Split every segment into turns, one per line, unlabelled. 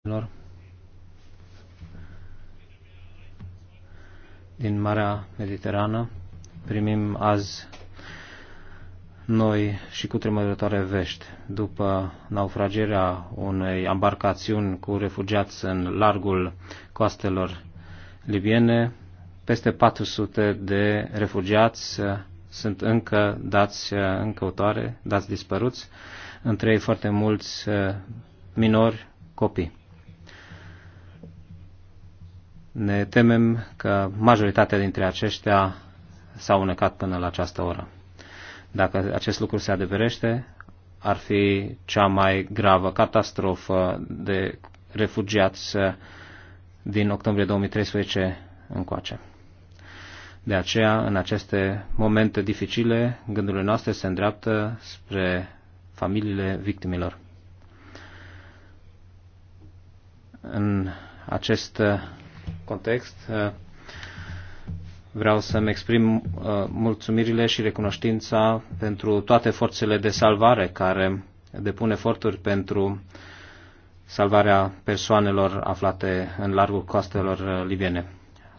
lor din Marea Mediterană. Primim azi noi și cu tremurătoare vești. După naufragerea unei embarcațiuni cu refugiați în largul coastelor libiene, peste 400 de refugiați sunt încă dați în căutare, dați dispăruți, între ei foarte mulți minori copii ne temem că majoritatea dintre aceștia s-au unecat până la această oră. Dacă acest lucru se adeverește, ar fi cea mai gravă catastrofă de refugiați din octombrie 2013 încoace. De aceea, în aceste momente dificile, gândurile noastre se îndreaptă spre familiile victimilor. În acest context uh, vreau să-mi exprim uh, mulțumirile și recunoștința pentru toate forțele de salvare care depun eforturi pentru salvarea persoanelor aflate în largul coastelor uh, libiene.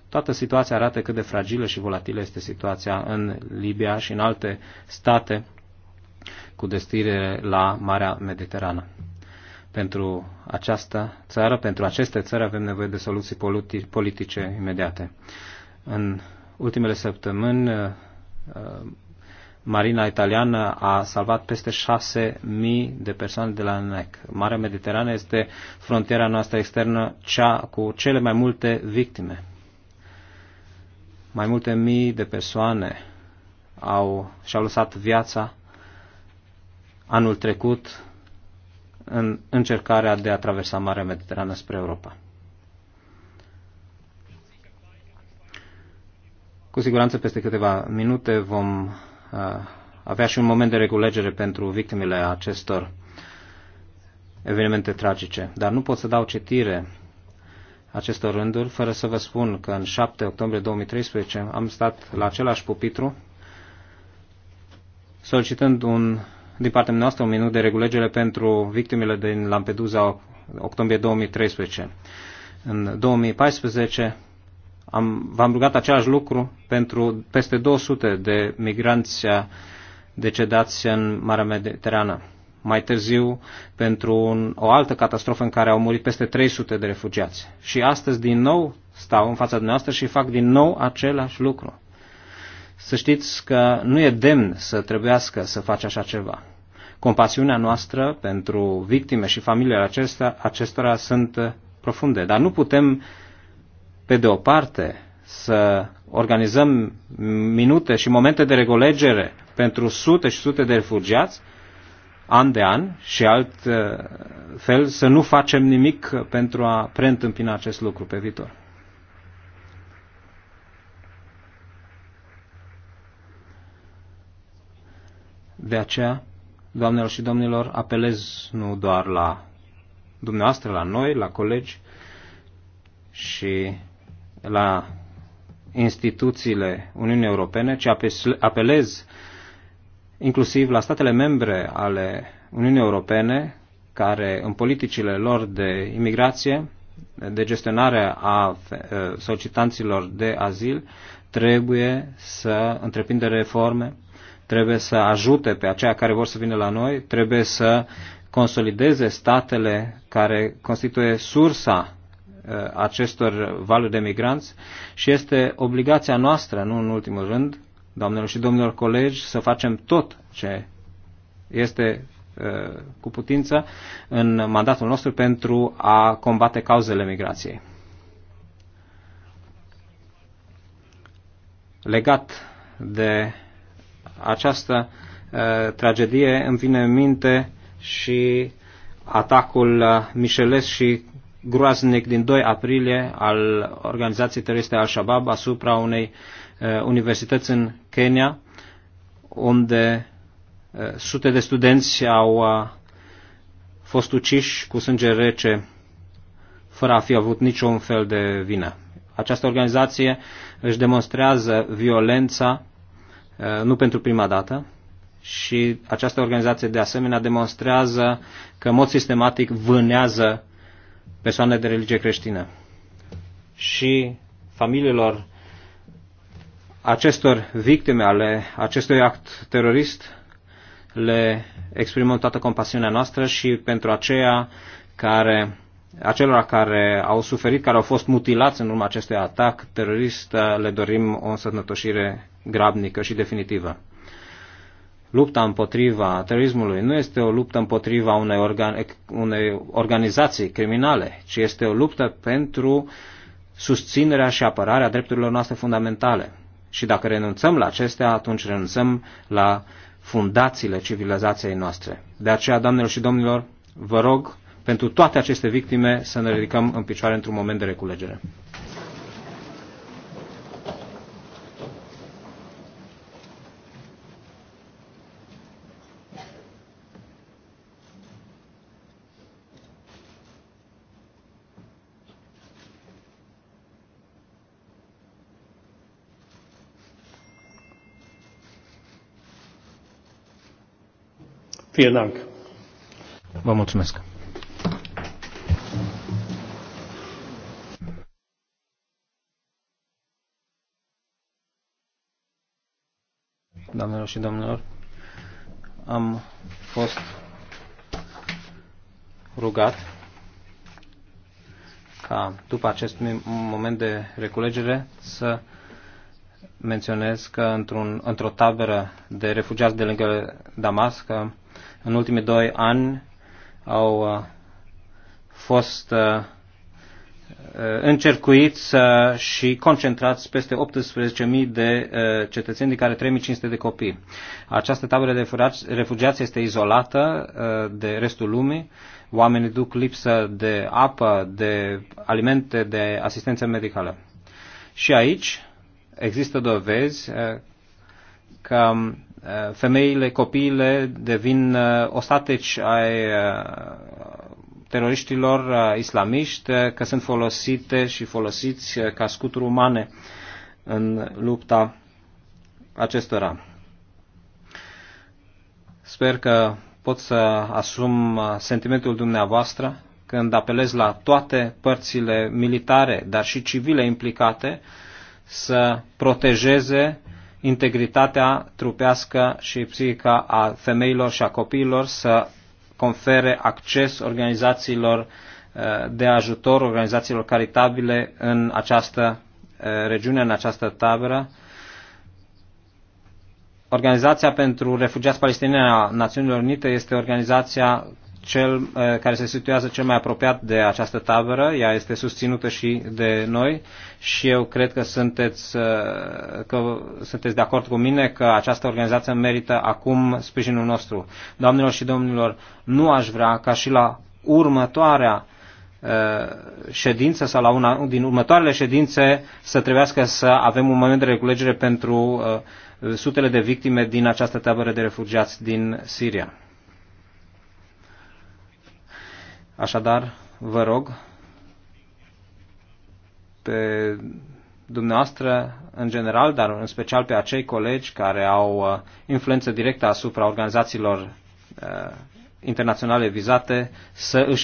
Toată situația arată cât de fragilă și volatilă este situația în Libia și în alte state cu destire la Marea Mediterană. Pentru această țară, pentru aceste țări avem nevoie de soluții politice imediate. În ultimele săptămâni, uh, uh, Marina italiană a salvat peste 6.000 de persoane de la NEC. Marea Mediterană este frontiera noastră externă cea cu cele mai multe victime. Mai multe mii de persoane au, și-au lăsat viața anul trecut în încercarea de a traversa Marea Mediterană spre Europa. Cu siguranță peste câteva minute vom uh, avea și un moment de reculegere pentru victimele acestor evenimente tragice. Dar nu pot să dau citire acestor rânduri fără să vă spun că în 7 octombrie 2013 am stat la același pupitru solicitând un din partea noastră un minut de regulegere pentru victimele din Lampedusa octombrie 2013. În 2014 am, v-am rugat același lucru pentru peste 200 de migranți decedați în Marea Mediterană. Mai târziu, pentru un, o altă catastrofă în care au murit peste 300 de refugiați. Și astăzi, din nou, stau în fața dumneavoastră și fac din nou același lucru. Să știți că nu e demn să trebuiască să faci așa ceva. Compasiunea noastră pentru victime și familiile acestea, acestora sunt profunde, dar nu putem, pe de o parte, să organizăm minute și momente de regolegere pentru sute și sute de refugiați, an de an și alt uh, fel să nu facem nimic pentru a preîntâmpina acest lucru pe viitor. De aceea doamnelor și domnilor, apelez nu doar la dumneavoastră, la noi, la colegi și la instituțiile Uniunii Europene, ci apelez inclusiv la statele membre ale Uniunii Europene care în politicile lor de imigrație, de gestionare a solicitanților de azil, trebuie să întreprindă reforme trebuie să ajute pe aceia care vor să vină la noi, trebuie să consolideze statele care constituie sursa uh, acestor valuri de migranți și este obligația noastră, nu în ultimul rând, doamnelor și domnilor colegi, să facem tot ce este uh, cu putință în mandatul nostru pentru a combate cauzele migrației. Legat de această uh, tragedie îmi vine în minte și atacul mișeles și groaznic din 2 aprilie al organizației teroriste Al-Shabaab asupra unei uh, universități în Kenya, unde uh, sute de studenți au uh, fost uciși cu sânge rece fără a fi avut niciun fel de vină. Această organizație își demonstrează violența Uh, nu pentru prima dată și această organizație de asemenea demonstrează că în mod sistematic vânează persoane de religie creștină. Și familiilor acestor victime ale acestui act terorist le exprimăm toată compasiunea noastră și pentru aceia care acelora care au suferit, care au fost mutilați în urma acestui atac terorist, le dorim o însănătoșire grabnică și definitivă. Lupta împotriva terorismului nu este o luptă împotriva unei, organ- unei organizații criminale, ci este o luptă pentru susținerea și apărarea drepturilor noastre fundamentale. Și dacă renunțăm la acestea, atunci renunțăm la fundațiile civilizației noastre. De aceea, doamnelor și domnilor, vă rog pentru toate aceste victime să ne ridicăm în picioare într-un moment de reculegere. Vielen Dank. Vă mulțumesc. Doamnelor și domnilor, am fost rugat ca după acest moment de reculegere să menționez că într-un, într-o tabără de refugiați de lângă Damasc în ultimii doi ani au uh, fost uh, uh, încercuiți și concentrați peste 18.000 de cetățeni, din care 3.500 de copii. Această tabără de refugiați este izolată de restul lumii. Oamenii duc lipsă de apă, de alimente, de asistență medicală. Și aici există dovezi că Uh, femeile, copiile devin uh, ostateci ai uh, teroriștilor islamiști, că sunt folosite și folosiți ca scuturi umane în lupta acestora. Sper că pot să asum sentimentul dumneavoastră când apelez la toate părțile militare, dar și civile implicate, să protejeze uh, integritatea trupească și psihică a femeilor și a copiilor, să confere acces organizațiilor uh, de ajutor, organizațiilor caritabile în această uh, regiune, în această tabără. Organizația pentru Refugiați Palestinieni a Națiunilor Unite este organizația cel, uh, care se situează cel mai apropiat de această tabără. Ea este susținută și de noi și eu cred că sunteți, uh, că sunteți de acord cu mine că această organizație merită acum sprijinul nostru. Doamnelor și domnilor, nu aș vrea ca și la următoarea uh, ședință sau la una din următoarele ședințe să trebuiască să avem un moment de reculegere pentru sutele de victime din această tabără de refugiați din Siria. Așadar, vă rog pe dumneavoastră în general, dar în special pe acei colegi care au uh, influență directă asupra organizațiilor uh, internaționale vizate să își